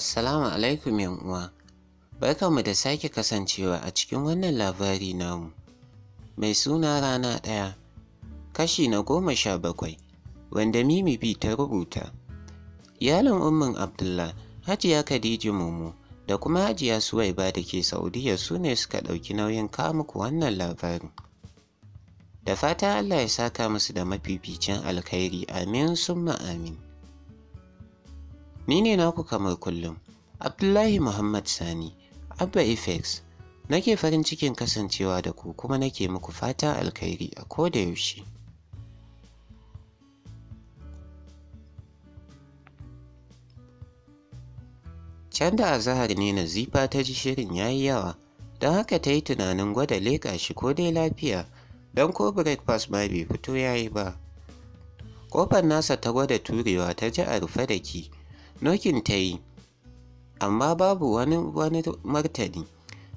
Assalamu alaikum uwa. Barkanmu da sake kasancewa a cikin wannan labari namu. Mai suna rana ɗaya, kashi na goma sha bakwai, wanda Mimi B ta rubuta. Iyalin Ummin Abdullah, Hajiya Khadija mumu da kuma Hajiya Suwaiba da ke Saudiya su ne suka ɗauki nauyin kamuku wannan labarin. Da fata Allah ya saka musu da mafificin alkhairi amin summa amin. Ni ne naku kamar kullum, Abdullahi Muhammad Sani, Abba Ifex. Nake farin cikin kasancewa da ku kuma nake muku fatan alkhairi a koda yaushe. Can da azahar ne Nazifa ta ji shirin ya yi yawa, don haka ta yi tunanin gwada leƙa shi ko dai lafiya, don ko breakfast ma bai fito ya yi ba. Kofar nasa ta gwada turewa ta ji a rufe da ki. nokin ta yi amma babu wani wani martani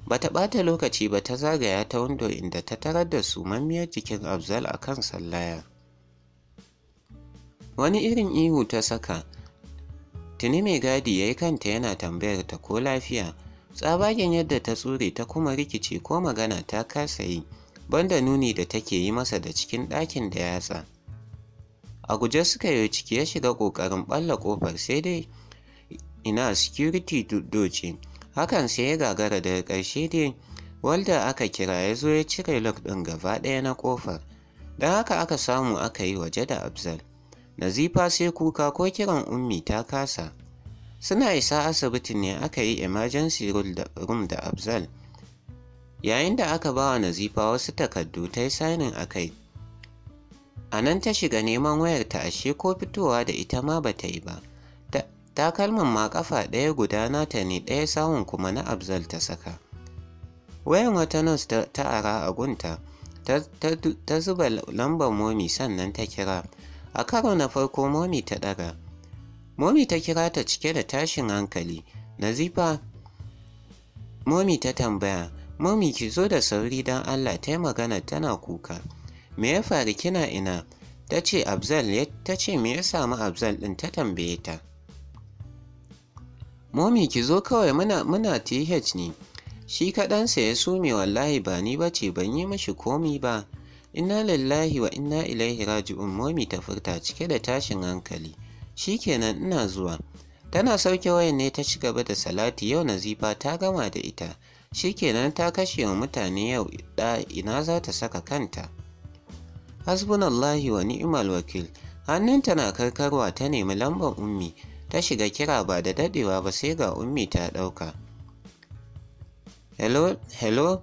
bata ɓata lokaci ba ta zagaya ta wando inda ta tarar da sumammiyar jikin abzal a kan sallaya wani irin ihu ta saka tuni mai gadi ya yi kanta yana tambayar ta ko lafiya tsabagen yadda ta tsure ta kuma rikice ko magana ta kasa yi banda nuni da take yi masa da cikin ɗakin da yatsa a guje suka yi ciki ya shiga ƙoƙarin ɓalla kofar sai dai ina security doce hakan sai ya gagara daga ƙarshe dai walda aka kira ya zo ya cire lock ɗin gaba ɗaya na ƙofar don haka aka samu aka yi waje da abzal nazifa sai kuka ko kiran ummi ta kasa suna isa asibiti ne aka yi emergency room da abzal yayin da aka ba wa nazifa wasu takardu ta yi sainin a kai A nan ta shiga neman wayarta ashe ko fitowa da ita ma ba ta yi ba. Takalmin ma kafa ɗaya guda ta ne ɗaya sawun kuma na Abzal ta saka. Wayan wata nos ta ara a gunta, ta zuba lambar momi sannan ta kira. A karo na farko momi ta ɗaga. Momi ta kira ta cike da tashin hankali. Nazifa, momi ta tambaya, momi ki zo da sauri don Allah ta yi magana tana kuka. me ya faru kina ina ta ce abzal ta ce me ya samu abzal ɗin ta tambaye ta momi ki zo kawai muna muna th ne shi kaɗansa ya sume wallahi ba ni ba ce ban yi mashi komi ba inna lillahi wa inna ilaihi raji'un momi ta furta cike da tashin hankali Shi kenan ina zuwa tana sauke wayan ne ta ci gaba da salati yau nazifa ta gama da ita Shi kenan ta kashe wa mutane yau ina za ta saka kanta hasbunallahi wa ni'mal wakil hannunta na karkarwa ta nemi lambar ummi ta shiga kira ba da dadewa ba sai ga ummi ta dauka hello hello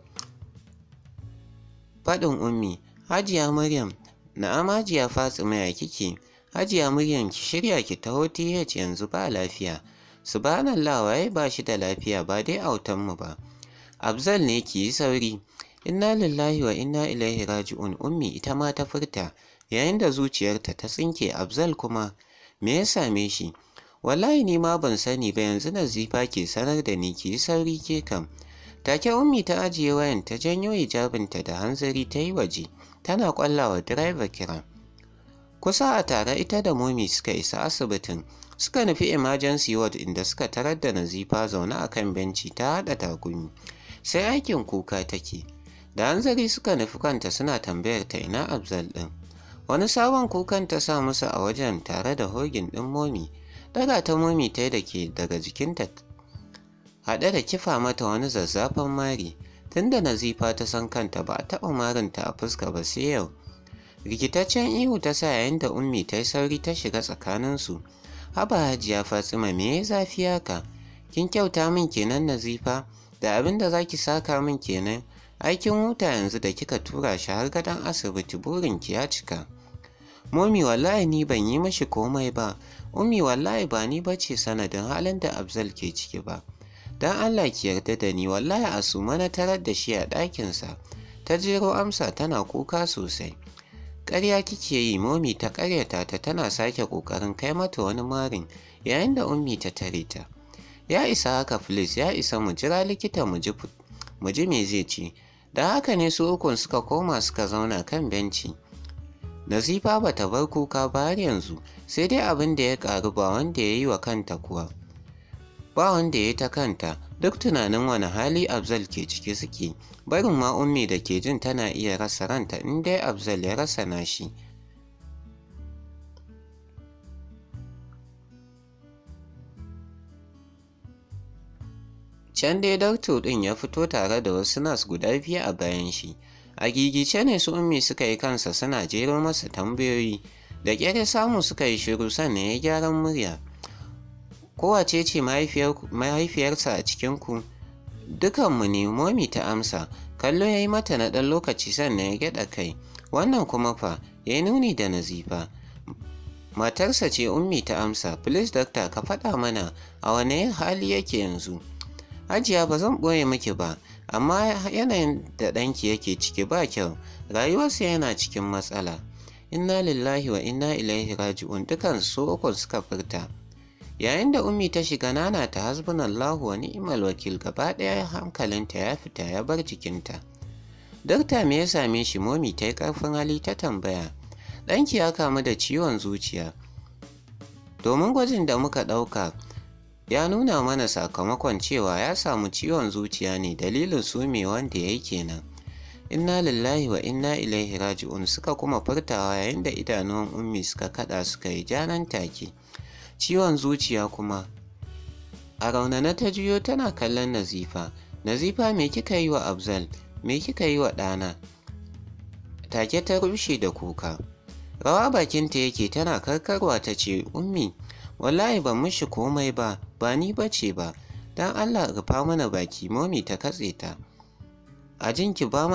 faɗin ummi hajiya maryam na'am hajiya fatsima ya kike hajiya maryam ki shirya ki taho th yanzu ba lafiya subhanallah waye ba shi da lafiya ba dai autan mu ba abzal ne ki yi sauri Inna lillahi wa inna ilaihi raji'un ummi ita ma ta furta yayin da zuciyarta ta tsinke Abzal kuma me ya same shi? Wallahi ni ma ban sani ba yanzu Nazifa ke sanar da ni ki sauri ke kam. Take ummi ta ajiye wayan ta janyo hijabinta da hanzari ta yi waje tana kwallawa direba kira. Kusa a tare ita da momi suka isa asibitin suka nufi emergency ward inda suka tarar da Nazifa zaune a kan benci ta haɗa takumi. Sai aikin kuka take. da hanzari suka nufi kanta suna tambayar ta ina abzal ɗin wani sabon kukan ta sa musu a wajen tare da hogin ɗin momi daga ta momi ta da ke daga jikinta haɗe da kifa mata wani zazzafan mari tunda nazifa ta san kanta ba a taɓa marinta a fuska ba sai yau rikitaccen ihu ta sa yayin da ummi ta yi sauri ta shiga tsakaninsu haba hajiya fatsima me ya zafi haka kin kyauta min kenan nazifa da abin da ki saka min kenan aikin wuta yanzu da kika tura shi har gadon asibiti burinki ya cika momi wallahi ni ban yi mashi komai ba ummi wallahi ba ni ba ce sanadin halin da abzal ke ciki ba don allah ki yarda da ni wallahi asu mana tarar da shi a ɗakinsa ta jero amsa tana kuka sosai ƙarya kike yi momi ta ƙaryata ta tana sake ƙoƙarin kai mata wani marin yayin da ummi ta tare ta ya isa haka filis ya isa mu jira likita mu ji me zai ce da haka ne su ukun suka koma suka zauna kan benci nazifa ba ta bar kuka ba har yanzu sai dai abin da ya ƙaru ba wanda ya yi wa kanta kuwa ba wanda ya yi ta kanta duk tunanin wani hali abzal ke ciki suke barin ma ummi da ke jin tana iya rasa ranta in dai abzal ya rasa nashi Can dai dakto ɗin ya fito tare da wasu nas guda biyu a bayan shi. A gigice ne su ummi suka yi kansa suna jero masa tambayoyi. Da ƙyar samu suka yi shiru sannan ya gyaran murya. Kowace ce mahaifiyarsa a cikinku? Dukanmu ne, momi ta amsa. Kallo ya yi mata na ɗan lokaci sannan ya gyaɗa kai. Wannan kuma fa, ya yi nuni da nazifa. Matarsa ce ummi ta amsa, Please doctor ka faɗa mana a wane hali yake yanzu?' Hajiya ba zan ɓoye miki ba, amma yanayin da ɗanki yake ciki ba kyau, rayuwarsa yana cikin matsala. Inna lillahi wa inna ilaihi raji'un dukan su uku suka furta. Yayin da Ummi ta shiga nana ta hasbunallahu wa ni'mal wakil gaba ɗaya hankalinta ya fita ya bar jikinta. Dokta me ya same shi momi ta yi ƙarfin hali ta tambaya. Ɗanki ya kamu da ciwon zuciya. Domin gwajin da muka ɗauka, ya nuna mana sakamakon cewa ya samu ciwon zuciya ne dalilin sumewan wanda ya yi kenan inna lillahi wa inna ilaihi raji'un suka kuma furtawa yayin da idanun ummi suka kada suka yi janan take ciwon zuciya kuma a na ta juyo tana kallon nazifa nazifa me kika yi wa abzal me kika yi wa ɗana take ta rushe da kuka rawa bakinta yake tana karkarwa ta ce ummi wallahi ban mishi komai ba ba ni bace ba dan Allah rufa mana baki momi ta katse ta a jinki ba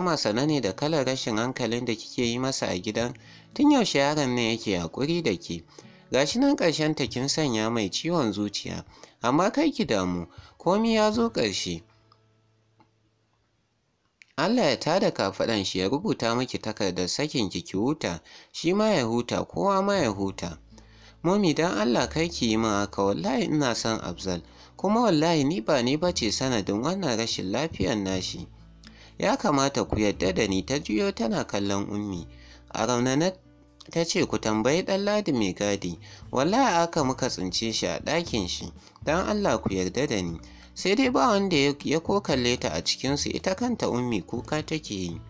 ma sana ne da kalar rashin hankalin da kike yi masa a gidan tun yaushe yaron ne yake hakuri da ke gashi nan ƙarshen ta kin sanya mai ciwon zuciya amma kai ki damu komi ya zo ƙarshe Allah ya tada kafaɗan shi ya rubuta miki takardar sakin ki ki huta shi ma ya huta kowa ma ya huta Mami don Allah kai ki yi min haka wallahi ina son Afzal kuma wallahi ni ba ni bace sanadin wannan rashin lafiyar nashi. Ya kamata ku yarda da ni ta juyo tana kallon ummi. A raunana ta ce ku tambayi ɗan ladi mai gadi wallahi aka muka tsince shi a ɗakin shi don Allah ku yarda da ni sai dai ba wanda ya ko kalle ta a cikinsu ita kanta ummi kuka take yi.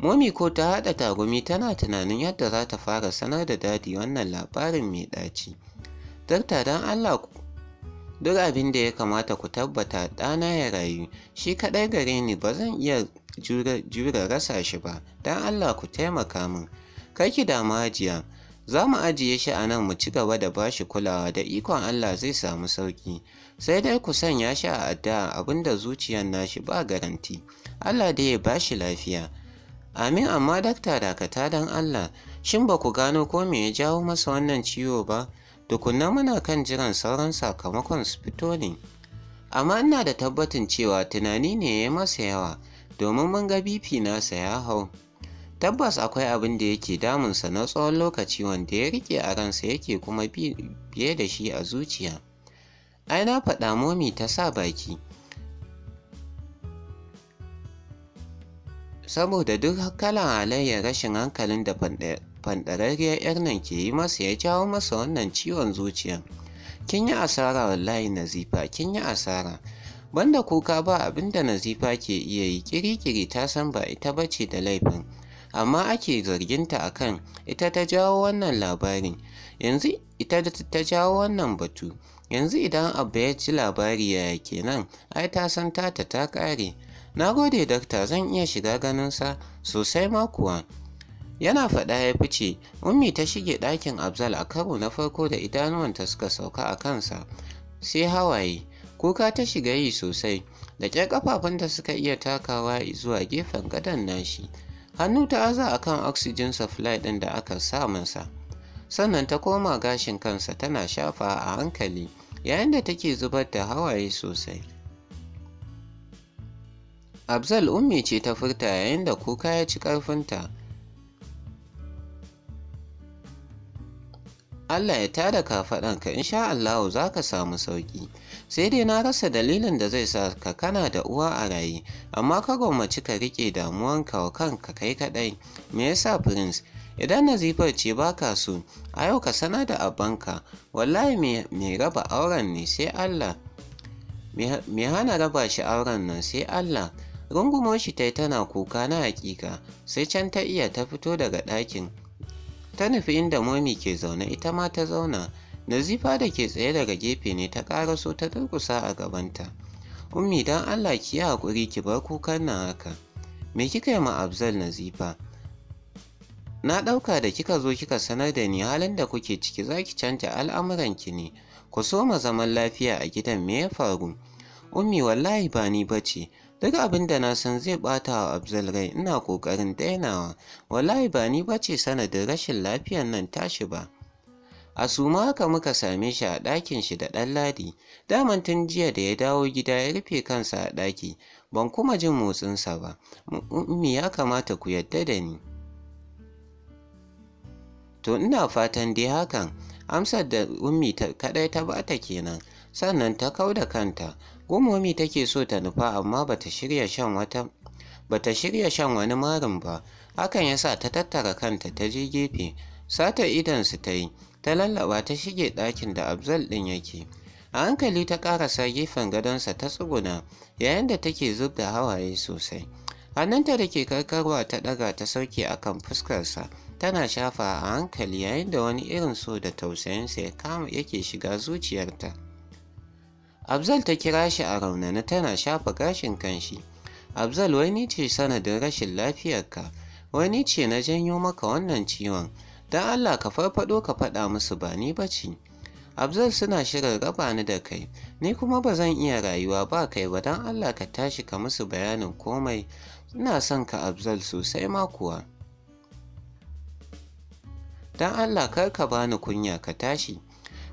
Momi ko ta haɗa tagumi tana tunanin yadda za ta fara sanar da dadi wannan labarin mai ɗaci. Dokta don Allah duk abin da ya kamata ku tabbata ɗana ya rayu shi kaɗai gare ni ba zan iya jure rasa shi ba don Allah ku taimaka min. Kaki damu hajiya za mu ajiye shi a nan mu ci gaba da ba shi kulawa da ikon Allah zai samu sauki sai dai ku sanya shi a addu'a abinda zuciyar nashi ba garanti Allah dai ya bashi lafiya. Amin amma dakta dakata don Allah, shin ba ku gano ko me ya jawo masa wannan ciwo ba, tukunna muna kan jiran sauran sakamakon su fito ne. Amma ina da tabbatin cewa tunani ne ya yi masa yawa, domin mun ga bifi nasa ya hau. Tabbas akwai abin da yake damunsa na tsawon lokaci wanda ya rike a ransa yake kuma biye da shi a zuciya. Ai na faɗa momi ta sa baki. saboda duk kalan halayyar rashin hankalin da fanɗararriyar 'yar nan ke yi masa ya jawo masa wannan ciwon zuciya kin yi asara wallahi nazifa kin yi asara banda kuka ba abin da nazifa ke iya yi kirikiri ta san ba ita ba ce da laifin amma ake zarginta akan ita ta jawo wannan labarin yanzu ita ta jawo wannan batu yanzu idan abu ya ci labari yaya kenan ai ta san tata ta ƙare Na gode dakta zan iya shiga ganinsa sosai ma kuwa. Yana faɗa ya fice, Ummi ta shige ɗakin Abzal a karo na farko da idanuwanta suka sauka a kansa, sai hawaye, kuka ta shiga yi sosai, da ƙyar da suka iya takawa zuwa gefen gadon nashi. Hannu ta aza a kan oxygen supply ɗin da aka sa masa. Sannan ta koma gashin kansa tana shafa a hankali, yayin da take zubar da hawaye sosai. Abzal ummi ce ta furta yayin da kuka ya ci ƙarfinta. Allah ya tada ka in sha Allahu za ka samu sauƙi. Sai dai na rasa dalilin da zai sa ka kana da uwa a raye, amma ka gwammaci ka riƙe damuwanka wa kanka kai kaɗai. Me yasa Prince? Idan nazifar ce ba ka so, a yau ka sanar da abanka, wallahi mai raba auren ne sai Allah. Me hana raba shi auren nan sai Allah. Rungumoshi shi tai tana kuka na hakika, sai can ta iya ta fito daga ɗakin. Ta nufi inda momi ke zaune ita ma ta zauna, Nazifa da ke tsaye daga gefe ne ta ƙaraso ta durƙusa a gabanta. Ummi don Allah ki yi haƙuri ki bar kukan nan haka. Me kika yi ma Abzal Nazifa? Na ɗauka da kika zo kika sanar da ni halin da kuke ciki za ki canja al'amuranki ne, ku soma zaman lafiya a gidan me ya faru? Ummi wallahi ba ni bace, duk abin da na san zai ɓata wa Abdul rai ina ƙoƙarin dainawa wallahi ba ni bace sanadin rashin lafiyar nan tashi ba a suma haka muka same shi a ɗakin shi da ɗan ladi daman tun jiya da ya dawo gida ya rufe kansa a ɗaki ban kuma jin motsinsa ba ummi ya kamata ku yadda da ni to ina fatan dai hakan amsar da ummi kaɗai ta bata kenan sannan ta kau da kanta Gomomi take so ta nufa amma bata shirya shan wata bata shirya shan wani marin ba, hakan yasa ta tattara kanta ta je gefe, sata su ta yi, ta lallaba ta shige ɗakin da Abzal ɗin yake. A hankali ta ƙarasa gefen sa ta tsuguna yayin da take zub da hawaye sosai. Hannunta da ke karkarwa ta ɗaga ta sauke akan fuskarsa tana shafa a hankali yayin da wani irin so da tausayinsa ya kama yake shiga zuciyarta. Abzal ta kira shi a raunana tana shafa gashin kanshi. Abzal wani ce sanadin rashin lafiyarka, wani Wani ce na janyo maka wannan ciwon, don Allah ka farfaɗo ka faɗa musu ba ni ba ce. Abzal suna shirin raba ni da kai, ni kuma ba zan iya rayuwa ba kai ba don Allah ka tashi ka musu bayanin komai, ina son ka Abzal sosai ma kuwa. Don Allah kar ka bani kunya ka tashi.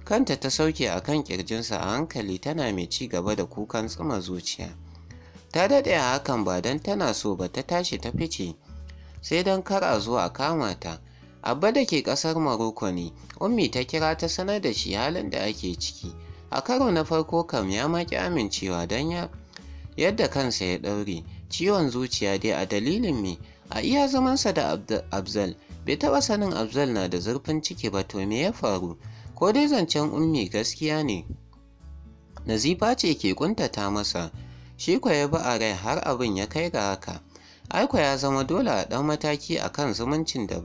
kanta ta sauke a kan kirjinsa a hankali tana mai ci gaba da kukan tsuma zuciya ta daɗe a hakan ba don tana so ba ta tashi ta fice sai don kar a zo a kama ta abba da ke ƙasar maroko ne ummi ta kira ta sanar da shi halin da ake ciki a karo na farko kam ya maki amincewa don yadda kansa ya ɗaure ciwon zuciya dai a dalilin me a iya zamansa da abzal bai taɓa sanin abzal na da zurfin ciki ba to me ya faru ko dai zancen ummi gaskiya ne nazifa ce ke kuntata masa shi kwa ya bi a rai har abin ya kai ga haka aiko ya zama dole a ɗan mataki a kan zumuncin da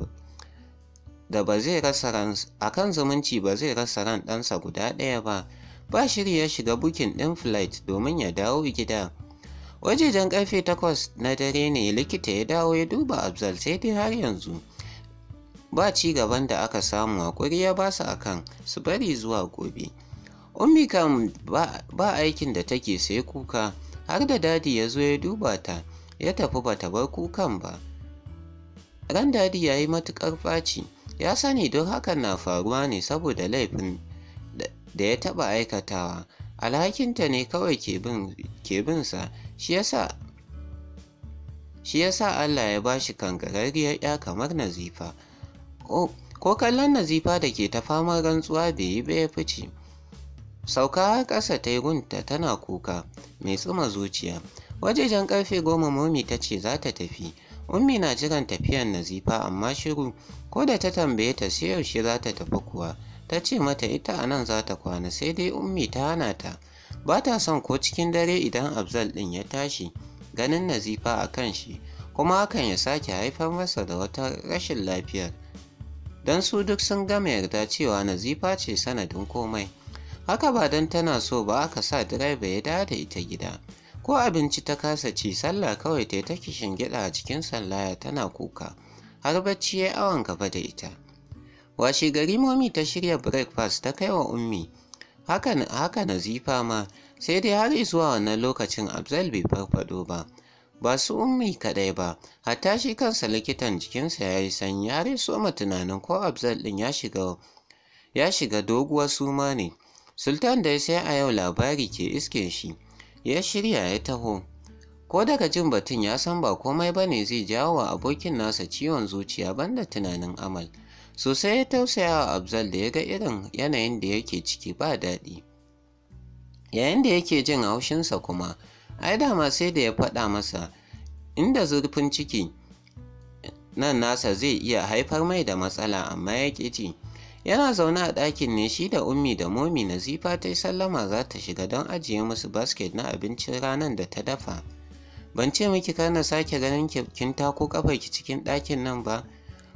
da ba zai rasa ran a zumunci ba zai rasa ran ɗansa guda ɗaya ba ba shiri ya shiga bukin ɗin flight domin ya dawo gida wajejen ƙarfe takwas na dare ne likita ya dawo ya duba abzal sai dai har yanzu ba ci gaban da aka samu haƙuri ya ba su kan su bari zuwa gobe ummi kam ba aikin da take sai kuka har da dadi ya zo ya duba ta ya tafi ba ta bar kukan ba ran dadi ya yi matuƙar ɓaci ya sani don hakan na faruwa ne saboda laifin da ya taɓa aikatawa alhakinta ne kawai ke bin sa shi yasa shi Allah ya ba shi kangararriyar ya kamar nazifa ko kallon nazifa da ke ta famar rantsuwa bai yi bai fice sauka har ƙasa ta yi gunta tana kuka mai tsuma zuciya wajejen ƙarfe goma momi ta ce za ta tafi ummi na jiran tafiyan nazifa amma shiru ko da ta tambaye ta sai yaushe za ta tafi kuwa ta ce mata ita a nan za ta kwana sai dai ummi ta hana ta ba ta son ko cikin dare idan abzal ɗin ya tashi ganin nazifa a kan shi kuma hakan ya sake haifar masa da wata rashin lafiyar don su duk sun gama yarda cewa nazifa ce sanadin komai haka ba don tana so ba aka sa direba ya dawo da ita gida ko abinci ta kasa ci sallah kawai ta ta kishin gida a cikin sallaya tana kuka har bacci ya awon gaba da ita washe gari momi ta shirya breakfast ta kai wa ummi haka, haka nazifa ma sai dai har zuwa wannan lokacin abzal bai farfado ba ba su ummi kaɗai ba hatta shi kansa likitan jikinsa ya yi sanyi har ya soma tunanin ko abzal ɗin ya shiga ya shiga doguwar suma ne sultan da sai a yau labari ke iske shi ya shirya ya taho ko daga jin batun ya san ba komai ba ne zai jawo wa abokin nasa ciwon zuciya banda tunanin amal sosai ya tausaya wa abzal da ya ga irin yanayin da yake ciki ba daɗi yayin da yake jin haushinsa kuma ai dama sai da ya faɗa masa inda zurfin ciki nan nasa zai iya haifar mai da matsala amma ya ƙi yana zaune a ɗakin ne shi da ummi da momi nazifa ta yi sallama za ta shiga don ajiye musu basket na abincin ranar da ta dafa ban ce miki kar na sake ganin kin kafa ki cikin ɗakin nan ba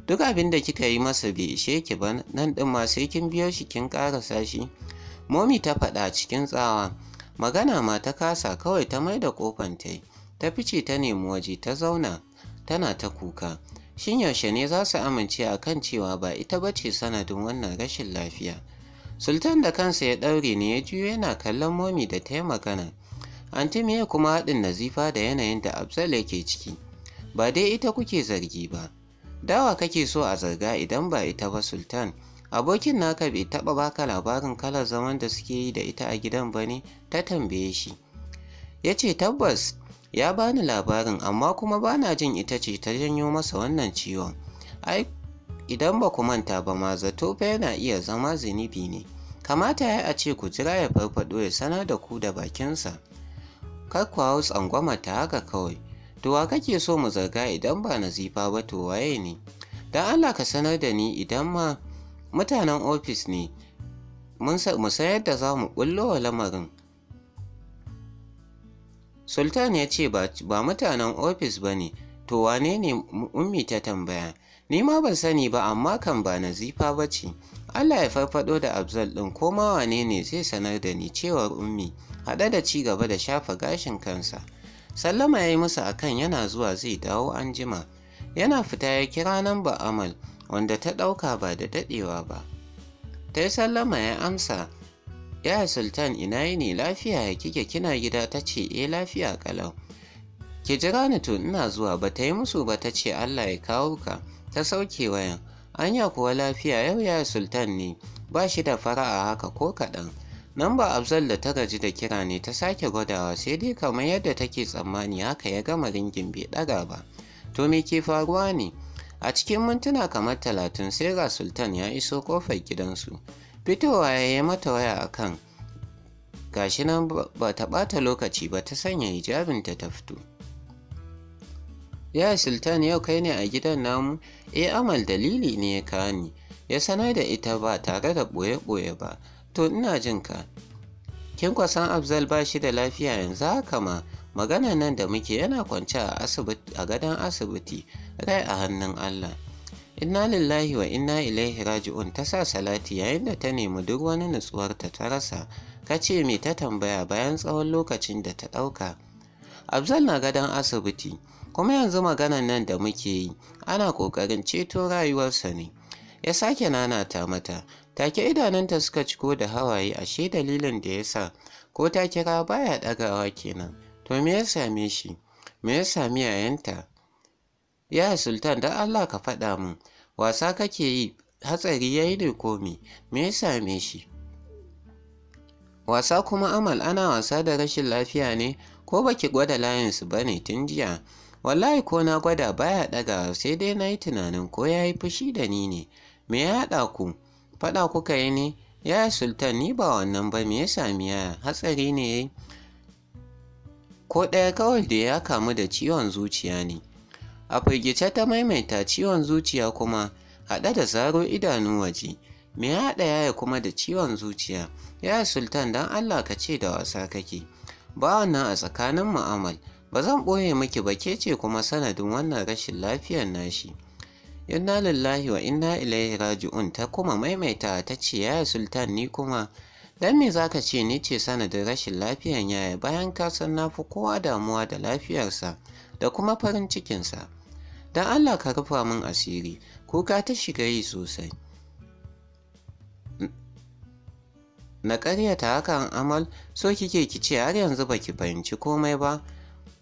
duk abin da kika yi masa bai ishe ki ba nan ɗin ma sai kin biyo shi kin ƙarasa shi momi ta faɗa cikin tsawa magana ma ta kasa kawai ta mai da kofan ta yi ta fice ta nemi waje ta zauna tana ta kuka shin yaushe ne za su amince a kan cewa ba ita ba ce sanadin wannan rashin lafiya sultan da kansa ya ɗaure ne ya juyo yana kallon momi da ta yi magana me kuma haɗin nazifa da yanayin da afzal yake ciki ba dai ita kuke zargi ba dawa kake so a zarga idan ba ita ba sultan abokin naka bai taba baka labarin kalar zaman da suke yi da ita a gidan ba ne ta tambaye shi ya ce tabbas ya bani labarin amma kuma bana jin ita ce ta janyo masa wannan ciwon ai idan ba ku manta ba ma zato fa yana iya zama zinibi ne kamata ya a ce ku jira ya farfaɗo ya sanar da ku da bakinsa kar ku hau tsangwama ta haka kawai to wa kake so mu zarga idan ba nazifa ba to waye ne dan Allah ka sanar da ni idan ma mutanen ofis ne mun san yadda za mu wa lamarin sultan ya ce ba mutanen ofis ba ne to wane ne ummi ta tambaya ni ma ban sani ba amma kan ba nazifa ba ce allah ya farfado da abzal ɗin ko ma wane ne zai sanar da ni cewar ummi haɗe da ci gaba da shafa gashin kansa sallama ya yi musu akan yana zuwa zai dawo an jima yana fita ya kira nan ba amal wanda ta ɗauka ba da daɗewa ba ta yi sallama ya amsa ya sultan ina ne? lafiya ya kike kina gida ta ce e lafiya kalau ki jira ni to ina zuwa ba ta yi musu ba ta ce allah ya kawo ka ta sauke wayan anya kuwa lafiya yau ya sultan ne ba shi da fara'a haka ko kaɗan nan ba abzal da ta gaji da kira ne ta sake gwadawa sai dai kamar yadda take tsammani haka ya gama ringin bai ɗaga ba to me ke faruwa ne a cikin mintuna kamar talatin sai ga sultan ya iso kofar gidansu fitowa ya yi mata waya a kan gashi nan ba ta ɓata lokaci ba ta sanya hijabin ta ta fito ya sultan yau kai ne a gidan namu e amal dalili ne ya kani ya sanar da ita ba tare da ɓoye-ɓoye ba to ina jin ka kin kwasan abzal ba shi da lafiya yanzu haka ma magana nan da muke yana kwance a gadon asibiti rai a hannun Allah inna lillahi wa inna ilaihi raji'un ta sa salati yayin da ta nemi duk wani nutsuwarta ta rasa ka ce me ta tambaya bayan tsawon lokacin da ta ɗauka Abzal na gadon asibiti kuma yanzu maganan nan da muke yi ana ƙoƙarin ceto rayuwarsa ne ya sake nana ta mata take idanunta suka ciko da hawaye ashe dalilin da ya sa ko ta kira baya ɗagawa kenan to me ya same shi me ya sami yayanta ya sultan da Allah ka faɗa min wasa kake yi hatsari ya yi ne ko me me ya same shi wasa kuma amal ana wasa da rashin lafiya ne ko baki gwada layinsu ba ne tun jiya wallahi ko na gwada baya ɗaga sai dai na yi tunanin ko ya yi fushi da ni ne me ya haɗa ku faɗa kuka yi ne ya sultan ni ba wannan ba me ya sami yaya hatsari ne ko ɗaya kawai da ya kamu da ciwon zuciya ne a firgice ta maimaita ciwon zuciya kuma haɗe da zaro idanu waje me ya haɗa yaya kuma da ciwon zuciya yaya sultan don allah ka ce da wasa kake ba wannan a tsakanin mu'amal ba zan ɓoye miki ba ke ce kuma sanadin wannan rashin lafiyar nashi inna lillahi wa inna ilaihi raji'un ta kuma maimaita ta ce yaya sultan ni kuma dan me zaka ce ni ce sanadin rashin lafiyar yaya bayan ka san na fi kowa damuwa da lafiyarsa da kuma farin cikinsa don Allah ka rufa min asiri kuka ta shiga yi sosai na haka hakan amal so kike ki ce har yanzu baki fahimci komai ba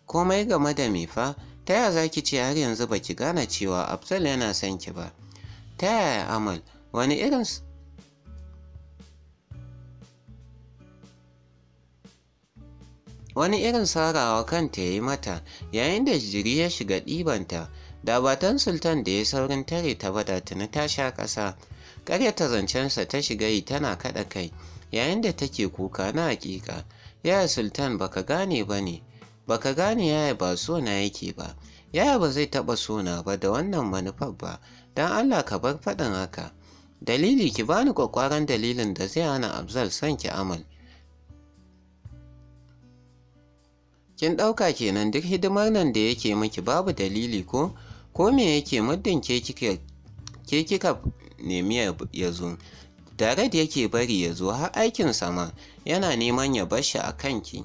komai game da me fa ta yaya za ki ce har yanzu baki gane cewa absal yana son ki ba ta yaya amal wani irin wani irin sarawa kanta ya yi mata yayin da jiri ya shiga ɗibanta da batan sultan da ya saurin tare ta bada tuni ta sha ƙasa ƙaryata zancensa ta shiga yi tana kaɗa kai yayin da take kuka na haƙiƙa yaya sultan baka gane ba ne baka gane yaya ba so na yake ba yaya ba zai taɓa sona ba da wannan manufar ba don allah ka bar faɗin haka dalili ki bani kwakwaran dalilin da zai hana abzal son ki amal kin ɗauka kenan duk hidimar nan da yake miki babu dalili ko ko me yake muddin ke kika nemi ya zo tare da yake bari ya zo har aikin sama yana neman ya bar shi a kanki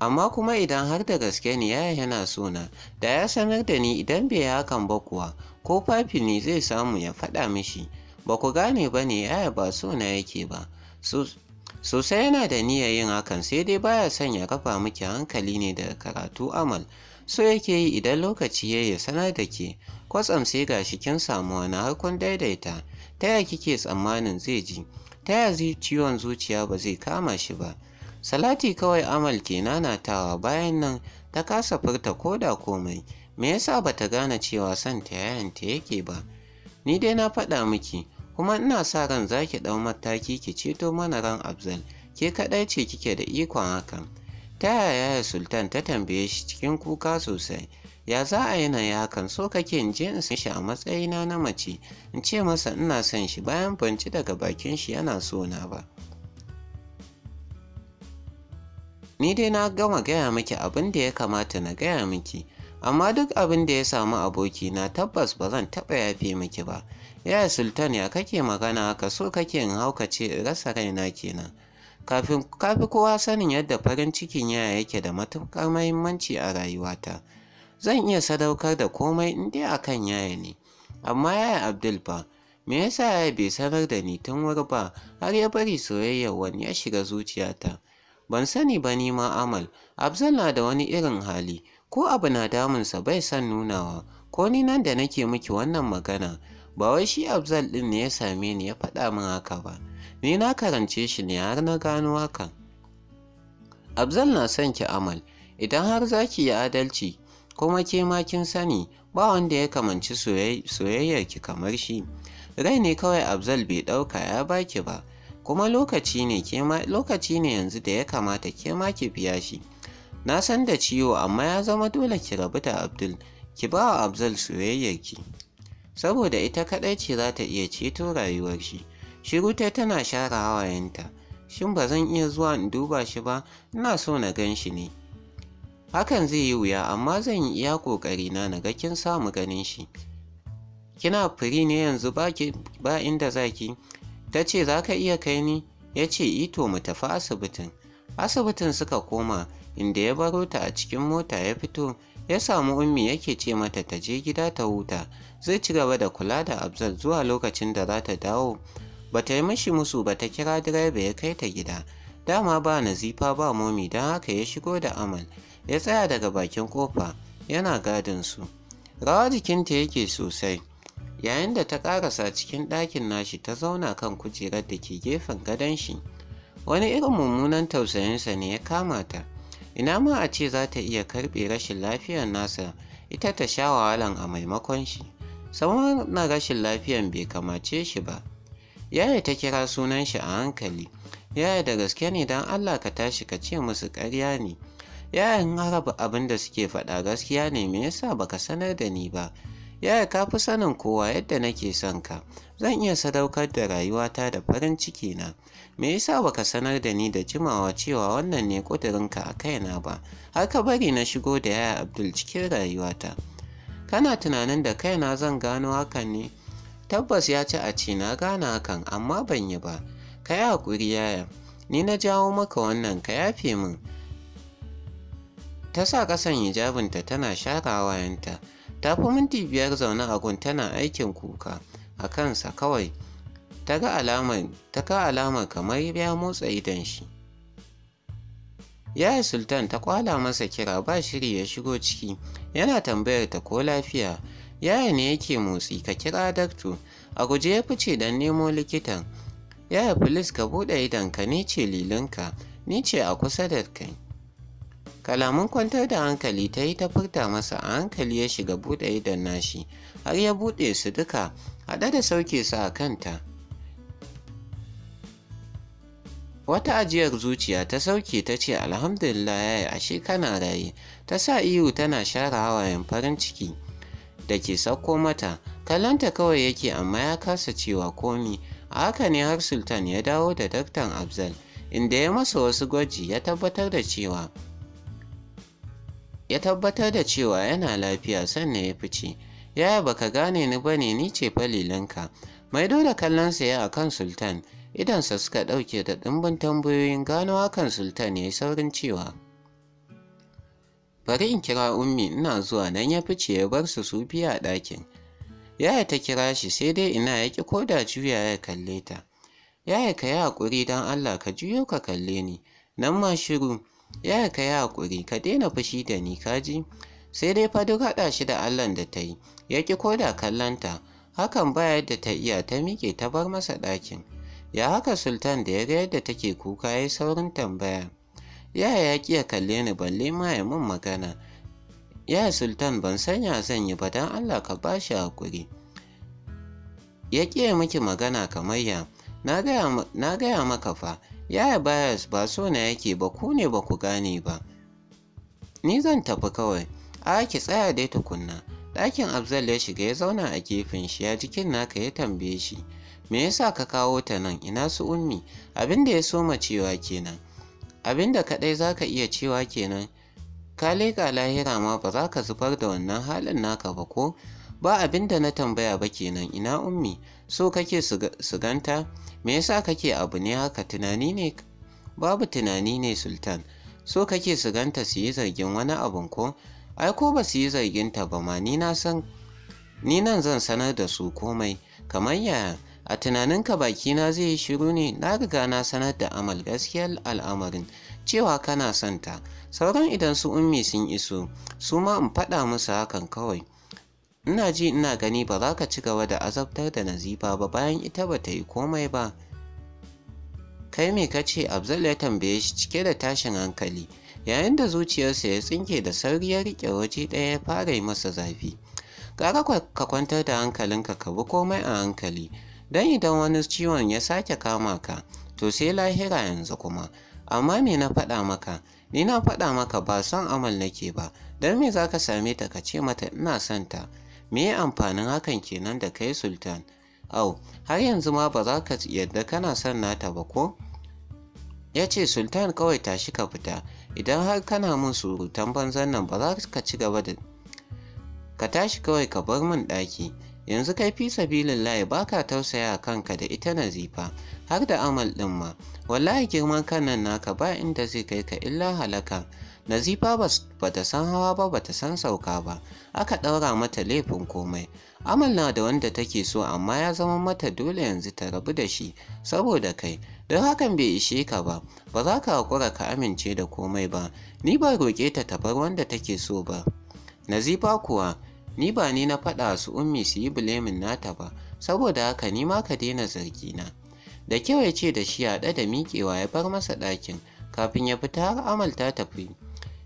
amma kuma idan har da gaske ne yaya yana sona da ya sanar da ni idan bai hakan ba kuwa ko fafi ne zai samu ya faɗa mishi ba ku gane ba ne yaya ba sona yake ba sosai yana da niyyar yin hakan sai dai baya son ya kafa miki hankali ne da karatu amal so yake yi idan lokaci ya yi sanar da ke kwatsam sai ga shi kin samu wani har daidaita ta ya kike tsammanin zai ji ta ya ciwon zuciya ba zai kama shi ba salati kawai amal ke nanatawa bayan nan ta kasa furta da komai me yasa ta gane cewa son ta yayan ta yake ba ni dai na faɗa miki kuma ina sa ran za ki ɗau mataki ki ceto mana ran Abzal, ke kaɗai ce kike da ikon hakan. ta yaya sultan ta tambaye shi cikin kuka sosai ya za a yi na ya kan so kake in je in shi a matsayina na mace in ce masa ina son shi bayan banci daga bakin shi yana so na ba ni dai na gama gaya miki abin da ya kamata na gaya miki amma duk abin da ya samu aboki na tabbas ba zan taɓa yafe miki ba yaya sultan ya kake magana ka so kake in haukace rasa raina kenan Kafin kafi kowa sanin yadda farin cikin yaya yake da matuƙar mahimmanci a rayuwata. Zan iya sadaukar da komai in dai akan yaya ne. Amma yaya Abdul ba, me yasa yaya bai sanar da ni tun wuri ba har ya bari soyayyar wani ya shiga zuciyata? Ban sani ba ni ma Amal, Abzal na da wani irin hali, ko abu na damunsa bai san nunawa, ko ni nan da nake miki wannan magana, ba wai shi Abzal ɗin ne ya same ni ya faɗa min haka ba. ni na karance shi ne har na gano hakan abzal na son ki amal idan har za ki yi adalci kuma ke ma kin sani ba wanda ya kamanci soyayyar ki kamar shi rai ne kawai abzal bai ɗauka ya baki ba kuma lokaci ne yanzu da ya kamata ke ma ki biya shi na san da ciwo amma ya zama dole ki rabu da abdul ki ba wa abzal ki saboda ita kaɗai ce za ta iya ceto rayuwar shi Shiru ta tana share hawayenta. Shin ba zan iya zuwa in duba shi ba, ina so na gan shi ne. Hakan zai yi wuya, amma zan yi iya ƙoƙarina na ga kin samu ganin shi. Kina firi ne yanzu ba inda za ki? Ta ce za ka iya kai ni? Ya ce ito mu tafi asibitin. Asibitin suka koma, inda ya baro ta a cikin mota ya fito, ya samu ummi yake ce mata ta je gida ta huta, zai ci gaba da kula da Abzal zuwa lokacin da za ta dawo. ba ta yi mashi musu ba ta kira direba ya kai ta gida dama ba nazifa ba momi don haka ya shigo da amal ya tsaya daga bakin kofa yana gadin su rawa jikinta yake sosai yayin da ta karasa cikin ɗakin nashi ta zauna kan kujerar da ke gefen gadon shi wani irin mummunan tausayinsa ne ya kama ta ina ma a ce za ta iya karɓe rashin lafiyar nasa ita ta sha wahalan a maimakon shi sama na rashin lafiyan bai kamace shi ba Yaya ta kira sunan shi a hankali. Yaya da gaske ne don Allah ka tashi ka ce musu karya ne. Yayan haraba abin da suke faɗa gaskiya ne me yasa baka sanar da ni ba. Yaya ka fi sanin kowa yadda nake son ka. Zan iya sadaukar da rayuwata da farin ciki na. Me yasa baka sanar da ni da jimawa cewa wannan ne ƙudurinka a kaina ba. Har ka bari na shigo da yaya Abdul cikin rayuwata. Kana tunanin da kaina zan gano hakan ne? tabbas ya ci a ci na gane hakan amma ban yi ba ka yi haƙuri yaya ni na jawo maka wannan ka yafe min ta sa ƙasan hijabinta tana shara wayanta ta fi minti biyar zaune a gun tana aikin kuka a kansa kawai ta ga alamar kamar ya motsa idan shi yaya sultan ta kwala masa kira ba shiri ya shigo ciki yana tambayar ta ko lafiya Yaya ne yake motsi ka kira dakto. A guje ya fice don nemo likitan. Yaya filis ka buɗe idonka ni ce lilinka, ni ce a kusa da kai. Kalamun kwantar da hankali ta yi ta furta masa a hankali ya shiga buɗe idon nashi, har ya buɗe su duka, haɗe da sauke su a kanta. Wata ajiyar zuciya ta sauke ta ce alhamdulillah yaya ashe kana raye, ta sa ihu tana share hawayen farin ciki. da ke sauko mata kallonta kawai yake amma ya kasa cewa komi a haka ne har sultan ya dawo da daktan abzal inda ya masa wasu gwaji ya tabbatar da cewa ya tabbatar da cewa yana lafiya sannan ya fice yaya baka gane ni bane ni ce falilinka dole kallon kallonsa ya akan sultan idansa suka ɗauke da ɗimbin tambayoyin gano hakan sultan ya yi saurin cewa bari in kira ummi ina zuwa nan ya fice ya bar su su biya a ɗakin yaya ta kira shi sai dai ina ya ƙi ko da juya ya kalle ta yaya ka yi haƙuri don allah ka juyo ka kalle ni nan ma shiru yaya ka yi haƙuri ka daina fushi da ni ka ji sai dai fa duk haɗa shi da allah da ta yi ya ƙi ko da kallonta hakan ba yadda ta iya ta miƙe ta bar masa ɗakin ya haka sultan da ya ga yadda take kuka ya yi saurin tambaya Yaya ya ki ya kalle ni balle ma ya mun magana. Yaya Sultan ban sanya zan yi ba dan Allah ka bashi shi haƙuri. Ya ki ya miki magana kamar ya. Na gaya maka fa, yaya Bayas ba so na yake ba ku ne ba ku gane ba. Ni zan tafi kawai, a ki tsaya dai tukunna. Ɗakin Abzal ya shiga ya zauna a gefen shi ya jikin naka ya tambaye shi. Me yasa ka kawo ta nan ina su ummi? Abin da ya soma cewa kenan. abin da kaɗai za ka iya cewa kenan ka leƙa lahira ma ba za ka zubar da wannan halin naka ba ko ba abin da na tambaya ba kenan ina ummi so kake su ganta me yasa kake abu ne haka tunani ne babu tunani ne sultan so kake su ganta su yi zargin wani abun ko ai ko ba su yi zarginta ba ma ni nan zan sanar da su komai kamar yaya a tunanin tunaninka bakina zai yi shiru ne na riga na sanar da amal gaskiyar al'amarin cewa kana son sauran idan su ummi sun iso su ma in faɗa musu hakan kawai ina ji ina gani ba za ka ci gaba da azabtar da nazifa ba bayan ita ba ta yi komai ba kai me ka ce abzal ya tambaye shi cike da tashin hankali yayin da zuciyarsa ya tsinke da sauri ya riƙe waje ɗaya ya fara yi masa zafi gara ka kwantar da hankalinka ka bi komai a hankali don idan wani ciwon ya sake kama ka to sai lahira yanzu kuma amma me na faɗa maka ni na faɗa maka ba son amal nake ba don me za ka same ta ka ce mata ina son ta me ya amfanin hakan kenan da kai sultan au har yanzu ma ba za ka yadda kana son nata ba ko ya ce sultan kawai tashi ka fita idan har kana min surutan banzan nan ba za ka ci gaba da ka tashi kawai ka bar min ɗaki yanzu kai fi layi ba ka tausaya kanka da ita nazifa har da amal ɗin ma wallahi girman kanan naka ba inda zai kai ka illa halaka nazifa ba ta san hawa ba ba ta san sauka ba aka ɗaura mata laifin komai amal na da wanda take so amma ya zama mata dole yanzu ta rabu da shi saboda kai don hakan bai ishe ka ba ba za ka haƙura ka amince da komai ba ni ba roƙe ta tabar wanda take so ba nazifa kuwa ni ba ni na faɗa su ummi su yi bulemin nata ba saboda haka ni ma ka daina na. da kyau ya ce da shi ya da miƙewa ya bar masa ɗakin kafin ya fita har amal ta tafi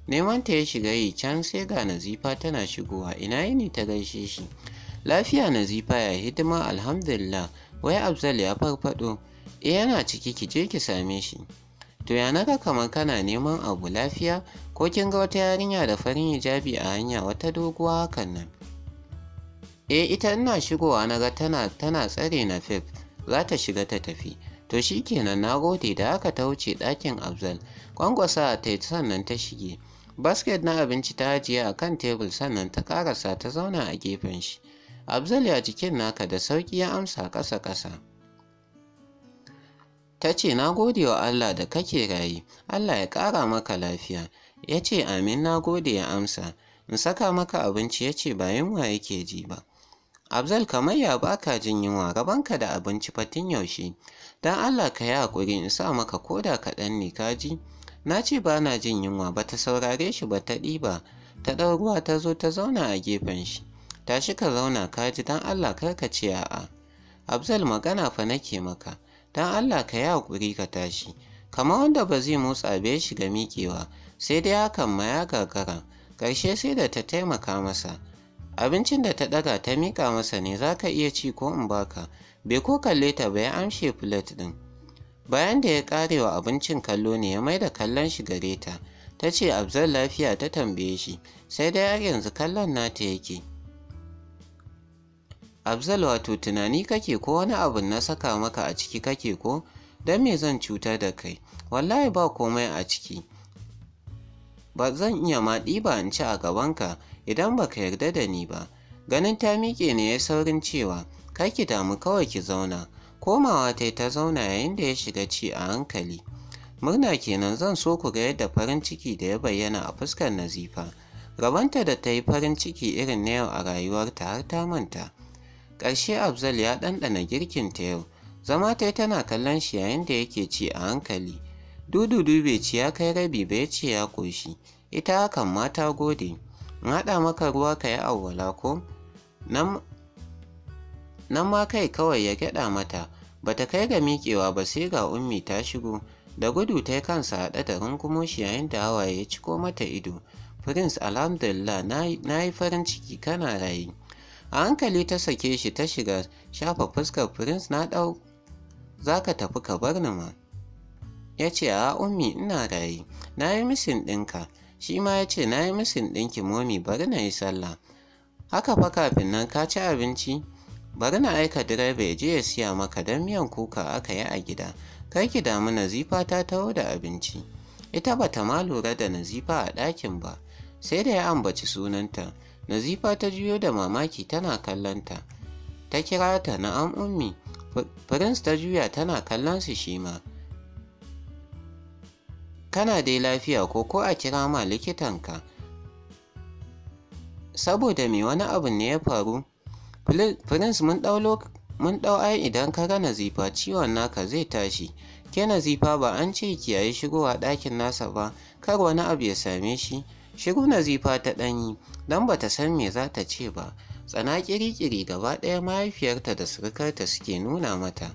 neman ta ya shiga yi can sai ga nazifa tana shigowa ina yini ta gaishe shi lafiya nazifa ya hidima alhamdulillah wai abzal ya farfaɗo? e yana ciki ki je ki same shi to ya naga kamar kana neman abu lafiya ko kin ga wata yarinya da farin hijabi a hanya wata doguwa hakan nan eh ita ina shigowa na ga tana tana tsare na fif za ta shiga ta tafi to shi kenan na gode da haka ta wuce ɗakin afzal kwankwasa ta yi sannan ta shige basket na abinci ta ajiye a kan tebul sannan ta karasa ta zauna a gefen shi abzal ya jikin naka da sauki ya amsa ƙasa-ƙasa ta ce na gode wa allah da kake raye allah ya ƙara maka lafiya Ya ce amin na gode ya amsa, in saka maka abinci ya ce ba yunwa yake ji ba. Abzal kamar ya baka jin yunwa rabanka da abinci fatin yaushe, don Allah ka yi haƙuri in sa maka ko da kaɗan ne ka ji. Na ce ba na jin yunwa ba ta saurare shi ba ta ba. ta ɗau ruwa ta zo ta zauna a gefen shi. Tashi ka zauna ka ji don Allah kar ka ce a'a. Abzal magana fa nake maka, don Allah ka yi haƙuri ka tashi, kamar wanda ba zai motsa be shi ga miƙewa. sai dai hakan ma ya gagara ƙarshe sai da ta taimaka masa abincin da ta ɗaga ta miƙa masa ne za ka iya ci ko in baka bai ko kalle ta ba ya amshe filet ɗin bayan da ya ƙarewa abincin kallo ne ya maida kallon shi gare ta ta ce abzal lafiya ta tambaye shi sai dai har yanzu kallon nata yake abzal wato tunani kake ko wani abu na saka maka a ciki kake ko don me zan cutar da kai wallahi ba komai a ciki ba zan iya maɗi ba in ci a gabanka idan ba ka yarda da ni ba. Ganin ta miƙe ne ya saurin cewa, 'Ka ki damu kawai ki zauna. Komawa ta ta zauna yayin da ya shiga ci a hankali. Murna kenan zan so ku ga yadda farin ciki da ya bayyana a fuskar Nazifa. Rabanta da ta yi farin ciki irin na yau a rayuwarta har ta manta. Ƙarshe Abzal ya ɗanɗana girkin ta yau. Zama ta tana kallon shi yayin da yake ci a hankali. Dududu bai ci ya kai rabi bai ce ya ƙoshi, ita hakan ma ta gode. In haɗa maka ruwa ka yi awwala ko? Nan ma kai kawai ya gyaɗa mata, ba ta kai ga miƙewa ba sai ga ummi ta shigo, da gudu ta yi kansa a da rungumo shi yayin da hawaye ya ciko mata ido. Prince alhamdulillah na yi farin ciki kana rayu A hankali ta sake shi ta shiga shafa fuskar Prince na ɗau za ka tafi ka bar ni ma. ya ce a ummi ina raye na yi misin ɗinka shi ma ya ce na yi misin ɗinki momi bari na yi sallah haka fa kafin nan ka ci abinci bari na aika direba ya je ya siya maka don miyan kuka aka yi a gida kai ki damu nazifa ta taho da abinci ita ba ta ma lura da nazifa a ɗakin ba sai da ya ambaci sunanta nazifa ta juyo da mamaki tana kallonta ta kira ta na'am ummi prince ta juya tana kallon su shi ma kana dai lafiya ko ko a kira ma likitanka saboda me wani abu ne ya faru prince mun ɗau mun dau ai idan ka ga zifa ciwon naka zai tashi ke zifa ba an ce kiyaye shigowa ɗakin nasa ba kar wani abu ya same shi shiru nazifa ta ɗanyi don ba ta san me za ta ce ba tsana kirikiri gaba ɗaya mahaifiyarta da surukarta suke nuna mata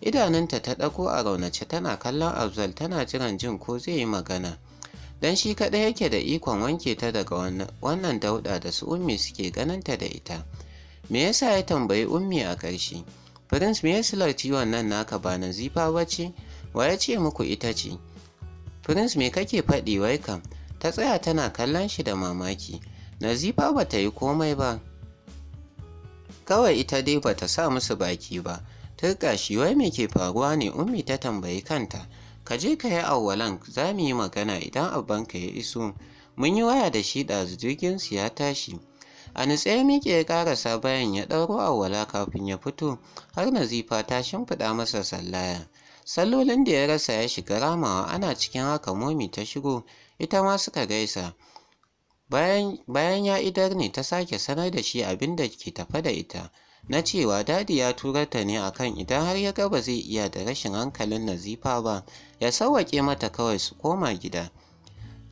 idanunta ta ɗago a raunace tana kallon afzal tana jiran jin ko zai yi magana don shi kaɗai yake da ikon wanke ta daga wannan dauɗa da su ummi suke ganinta da ita me yasa ya tambayi ummi a ƙarshe prince me yasilar ciwon nan naka ba na zifa ba ce wa ya ce muku ita ce prince me kake faɗi wai kam ta tsaya tana kallon shi da mamaki nazifa bata yi komai ba kawai ita dai bata sa musu baki ba ta shi wai me ke faruwa ne Ummi ta tambayi kanta. Ka je ka yi awwalan za mu yi magana idan ka ya iso. Mun yi waya da shi ɗazu jirginsu ya tashi. A nutse ya miƙe ya ƙarasa bayan ya ɗauro awwala kafin ya fito har nazifa ta shimfiɗa masa sallaya. Sallolin da ya rasa ya shiga ramawa ana cikin haka momi ta shigo ita ma suka gaisa. Bayan, ya idar ne ta sake sanar da shi abin da ke tafe da ita. na cewa dadi ya turar ta ne akan idan har ya ga ba zai iya da rashin hankalin nazifa ba ya sauwaƙe mata kawai su koma gida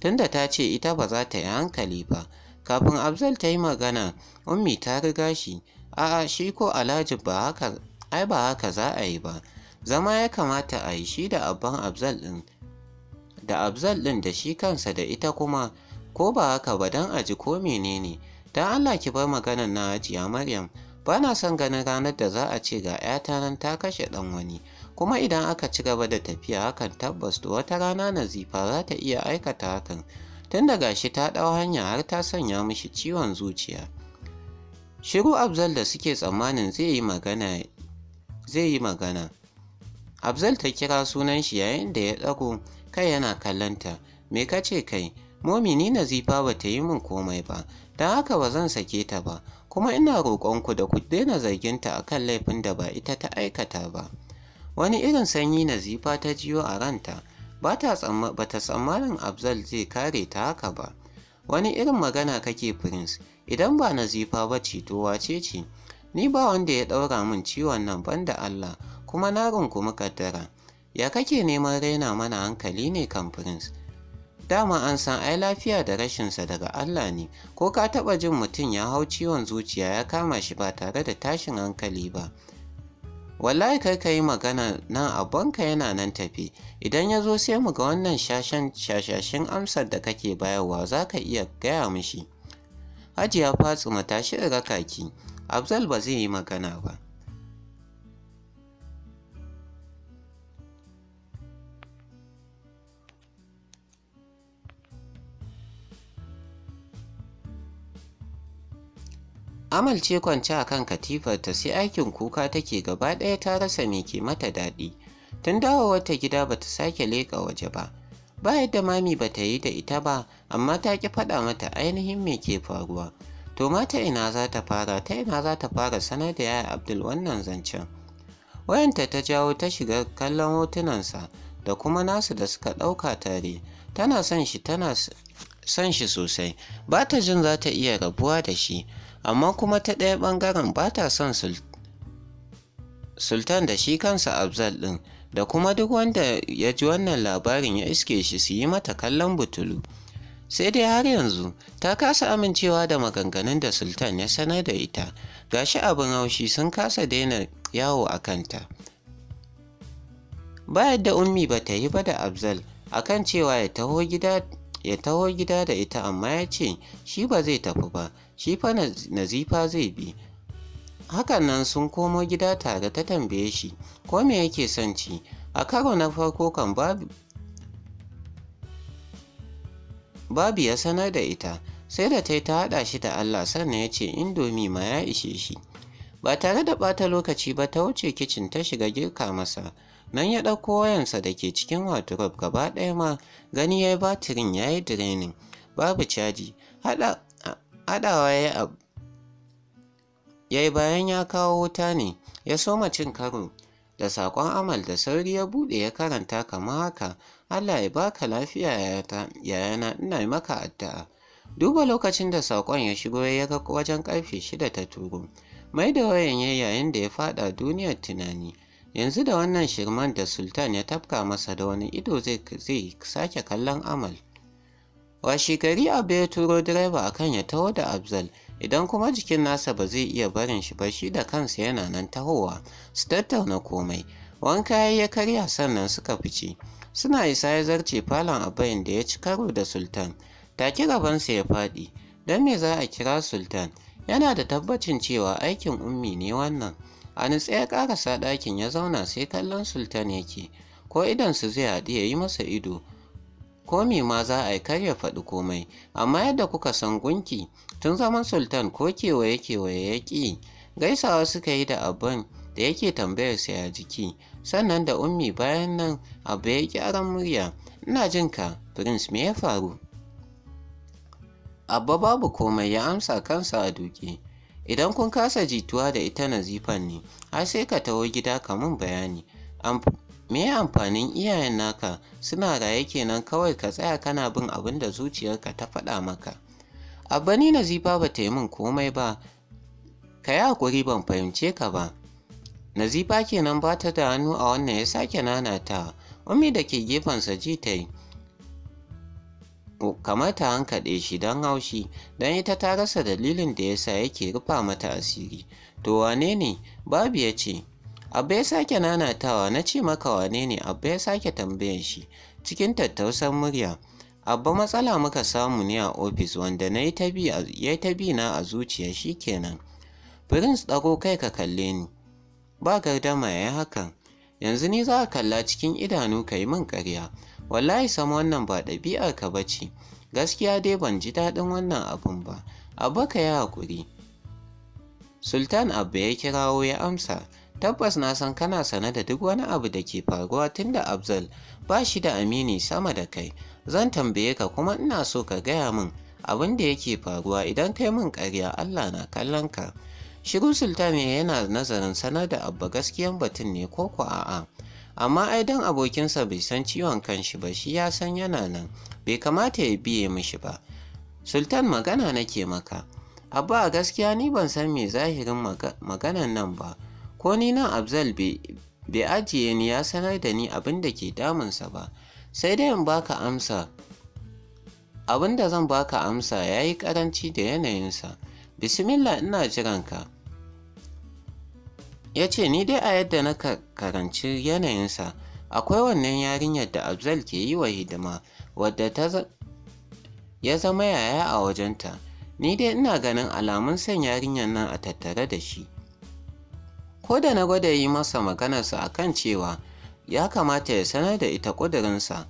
tunda ta ce ita ba za ta yi hankali ba kafin Abzal ta yi magana ummi ta riga shi a'a shi ko alhaji ba haka ba haka za a yi ba zama ya kamata a yi shi da abban Abzal ɗin da Abzal ɗin da shi kansa da ita kuma ko ba haka ba don a ji ko menene don Allah ki bar maganar na hajiya Maryam ba na son ganin ranar da za a ce ga 'yata nan ta kashe ɗan wani kuma idan aka ci gaba da tafiya hakan tabbas to wata rana nazifa za ta iya aikata hakan tun daga shi ta ɗau hanya har ta sanya mishi ciwon zuciya shiru abzal da suke tsammanin zai yi magana zai yi magana abzal ta kira sunan shi yayin da ya ɗago kai yana kallanta me ka ce kai momi ni nazifa ba ta yi min komai ba don haka ba zan sake ta ba kuma ina roƙonku da ku daina zarginta a kan laifin da ba ita ta aikata ba wani irin sanyi na zifa ta jiyo a ranta ba ta tsammanin abzal zai kare ta haka ba wani irin magana kake prince idan ba nazifa ba ce to wace ce ni ba wanda ya ɗaura min ciwon nan banda allah kuma na rungumi kaddara ya kake neman raina mana hankali ne kan prince Dama an san ai lafiya da rashinsa daga Allah ne, ko ka taɓa jin mutum ya hau ciwon zuciya ya kama shi ba tare da tashin hankali ba. Wallahi kai ka yi magana nan abonka yana nan tafi, idan ya zo sai mu ga wannan shashashin amsar da kake bayarwa za ka iya gaya mishi. Hajiya Fatsuma ta shi raka ki, Abzal ba zai yi magana ba. amalce kwance a kan katifarta sai aikin kuka take gaba ɗaya ta rasa mai ke mata daɗi. Tun dawowarta gida ba ta sake leƙa waje ba. Ba yadda mami ba ta yi da ita ba, amma ta ƙi faɗa mata ainihin mai ke faruwa. To mata ina za ta fara, ta ina za ta fara sanar da yaya Abdul wannan zancen. Wayanta ta jawo ta shiga kallon hotunansa da kuma nasu da suka ɗauka tare. Tana son tana son shi sosai, ba ta jin za ta iya rabuwa da shi. amma kuma ta ɗaya ɓangaren ba ta son sultan da shi kansa abzal ɗin da kuma duk wanda ya ji wannan labarin ya iske shi su yi mata kallon butulu sai dai har yanzu ta kasa amincewa da maganganun da sultan ya sanar da ita ga shi abin haushi sun kasa daina yawo a kanta bayan da ummi ba ta yi ba da abzal akan cewa ya taho gida ya taho gida da ita amma ya ce shi ba zai tafi ba shi fa nazifa zai bi hakan nan sun komo gida tare ta tambaye shi ko me yake son ci a karo na farko kan babu babu ya sanar da ita sai da ta yi ta haɗa shi da allah sannan ya ce indomi ma ya ishe shi ba tare da ɓata lokaci ba ta wuce kicin ta shiga girka masa nan ya ɗauko wayansa da ke cikin wardrobe gaba ɗaya ma gani ya yi batirin ya yi direnin babu caji haɗa Aɗawa ya yi bayan ya kawo wuta ne ya soma cin karo da saƙon amal da sauri ya buɗe ya karanta kamar haka allah ya baka lafiya yayana ina maka addu'a duba lokacin da saƙon ya shigo ya ga wajen ƙarfe shida ta turo mai da wayan ya yayin da ya faɗa duniyar tunani yanzu da wannan shirman da sultan ya tafka masa da wani ido zai sake kallon amal washigari Abu ya turo direba akan ya taho da Abzal, idan kuma jikin nasa ba zai iya barin shi ba shi da kansa yana nan tahowa, su tattauna komai. Wanka ya karya sannan suka fice. Suna isa ya zarce falon abayin da ya ci karo da Sultan. Take gabansa ya faɗi, don me za a kira Sultan? Yana da tabbacin cewa aikin ummi ne wannan. A nutse ya ƙarasa ɗakin ya zauna sai kallon Sultan yake, ko su zai haɗu ya yi masa ido. ko me ma za a yi karya faɗi komai amma yadda kuka san gunki tun zaman sultan ko kewaye kewaye ya ƙi gaisawa suka yi da abin da yake tambayar sa ya jiki sannan da ummi bayan nan abu ya gyaran murya ina jin ka prince me ya faru abba babu komai ya amsa kansa a duke idan kun kasa jituwa da ita nazifan ne har sai ka taho gida kamun mun bayani Me ya amfanin iyayen naka suna raye kenan kawai ka tsaya kana bin abin da zuciyarka ta faɗa maka. Abba ni Nazifa ba ta yi min komai ba, ka yi haƙuri ban fahimce ka ba. Nazifa kenan ba ta da hannu a wannan ya sake nanata, Wani da ke gefensa ji ta yi. kamar ta hankaɗe shi don haushi don ita ta rasa dalilin da ya sa yake rufa mata asiri to wane ne babu ya ce Abba ya sake nanatawa na ce maka wane ne Abba ya sake tambayan shi cikin tattausan murya. Abba matsala muka samu ne a ofis wanda na yi ta bi na a zuciya shi kenan. Prince ɗago kai ka kalle ni. Ba gardama ya yi hakan. Yanzu ni za a kalla cikin idanu ka yi min karya. Wallahi sam wannan ba ɗabi'ar ka ba ce. Gaskiya dai ban ji daɗin wannan abin ba. Abba ka yi haƙuri. Sultan Abba ya kirawo ya amsa. Tabbas na san kana sane da duk wani abu da ke faruwa tun da Afzal ba shi da amini sama da kai. Zan tambaye ka kuma ina so ka gaya min abin da yake faruwa idan kai min karya Allah na kallon ka. Shiru Sultan yana nazarin sanar da Abba gaskiyan batun ne ko ko a'a. Amma ai dan abokinsa bai san ciwon kan shi ba shi ya san yana nan bai kamata ya biye mishi ba. Sultan magana nake maka. Abba gaskiya ni ban san me zahirin maganan nan ba. ko ni nan Abzal bai ajiye ni ya sanar da ni abin da ke damunsa ba sai dai in baka amsa abin da zan baka amsa ya yi karanci da yanayinsa bismillah ina jiranka ya ce ni dai a yadda na karanci yanayinsa akwai wannan yarinyar da Abzal ke yi wa hidima wadda ta ya zama yaya a wajenta ni dai ina ganin alamun son yarinyar nan a tattare da shi ko da na gwada yi masa maganarsa a kan cewa ya kamata ya sanar da ita ƙudurinsa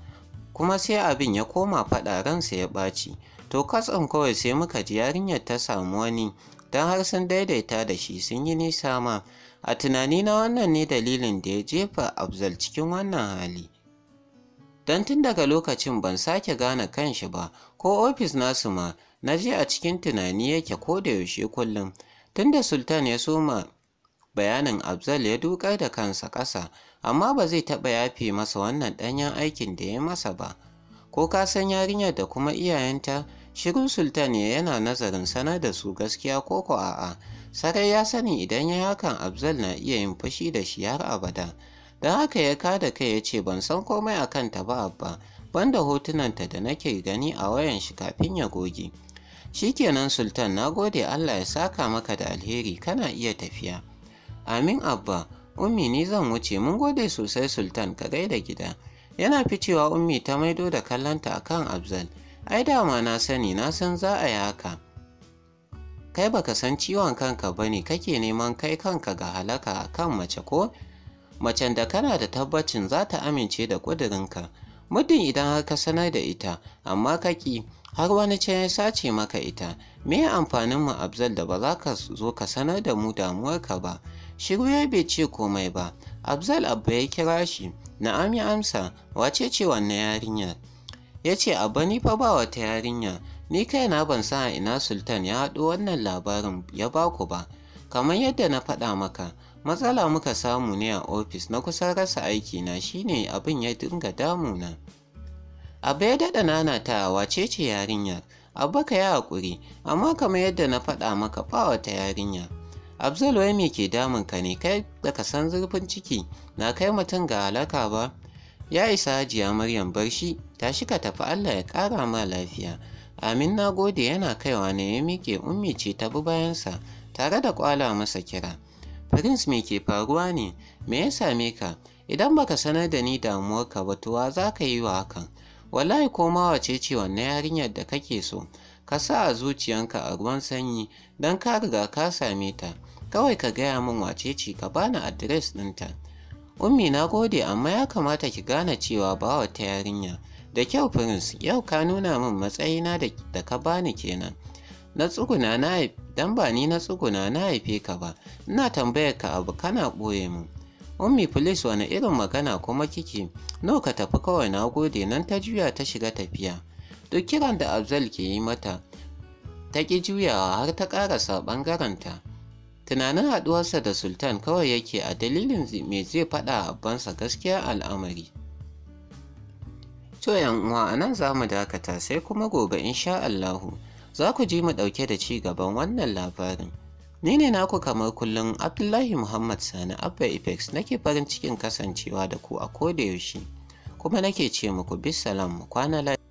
kuma sai abin ya koma faɗa ransa ya ɓaci to katsin kawai sai muka ji yarinyar ta samu wani don har sun daidaita da shi sun yi nisa ma a tunani na wannan ne dalilin da ya jefa abzal cikin wannan hali don tun daga lokacin ban sake gane kanshi ba ko ofis nasu ma na je a cikin tunani yake ko da yaushe kullum tun da sultan ya soma bayanin abzal ya dukar da kansa ƙasa, amma ba zai taɓa yafe masa wannan ɗanyen aikin da ya masa ba. Ko ka san yarinyar da kuma iyayenta, shirin Sultan ya yana nazarin sanar da su gaskiya ko ko a'a. Sarai ya sani idan ya hakan abzal na iya yin fushi da shi har abada. Don haka ya kada kai ya ce ban san komai a kanta ba abba, banda hotunanta da nake gani a wayan shi kafin ya goge. Shikenan Sultan na gode Allah ya saka maka da alheri kana iya tafiya. Amin Abba, Ummi ni zan wuce mun gode sosai Sultan ka gaida gida. Yana ficewa Ummi ta maido da kallonta a kan Abzal. Ai dama na sani na san za a yi haka. Kai baka san ciwon kanka ba ne kake neman kai kanka ga halaka a kan mace ko? Macen da kana da tabbacin za ta amince da ƙudurinka. Muddin idan har ka sanar da ita, amma kaki har wani can ya sace maka ita, me amfanin mu Abzal da ba za ka zo ka sanar da mu damuwarka ba? Shiru ya bai ce komai ba. Abzal Abba ya kira shi, Na'am ya amsa, wace ce wannan yarinyar? Ya ce, Abba ni fa ba wata yarinya, ni kai na ban sa ina Sultan ya haɗu wannan labarin ya baku ba. Kamar yadda na faɗa maka, matsala muka samu ne a ofis na kusan rasa aiki na shine abin ya dinga damuna. Abba ya daɗa ta wace ce yarinya? Abba ka yi haƙuri, amma kamar yadda na faɗa maka ba wata yarinya. Abzal wai me ke damun ka ne kai da ka san zurfin ciki na kai mutum ga alaka ba. Ya isa hajiya Maryam bar shi tashi ka tafi Allah ya ƙara ma lafiya. Amin na gode yana kaiwa ne ya miƙe ummi ce ta bi bayansa tare da ƙwala masa kira. Prince me ke faruwa ne? Me ya same ka? Idan baka sanar da ni damuwarka ba to za ka yi wa hakan. Wallahi ko ma wace ce wannan yarinyar da kake so. ka sa a zuciyanka a ruwan sanyi don ka riga ka same ta kawai ka gaya min wace ce ka bani adires ɗinta ummi na gode amma ya kamata ki gane cewa ba ta yarinya da kyau Firins, yau ka nuna min matsayina da ka bani kenan na tsuguna na dan ba ni na tsuguna na haife ka ba ina tambayar ka abu kana ɓoye mu. ummi police wani irin magana kuma kike no ka tafi kawai na gode nan ta juya ta shiga tafiya duk kiran da Abzal ke yi mata ta ƙi juyawa har ta ƙarasa ɓangarenta tunanin haɗuwarsa da sultan kawai yake a dalilin mai zai faɗa abbansa gaskiya al'amari to uwa a nan za mu dakata sai kuma gobe insha Allahu za ku ji mu ɗauke da ci gaban wannan labarin ni ne naku kamar kullum abdullahi muhammad sani abba ifex nake farin cikin kasancewa da ku a koda yaushe kuma nake ce muku bisalam mu kwana lafiya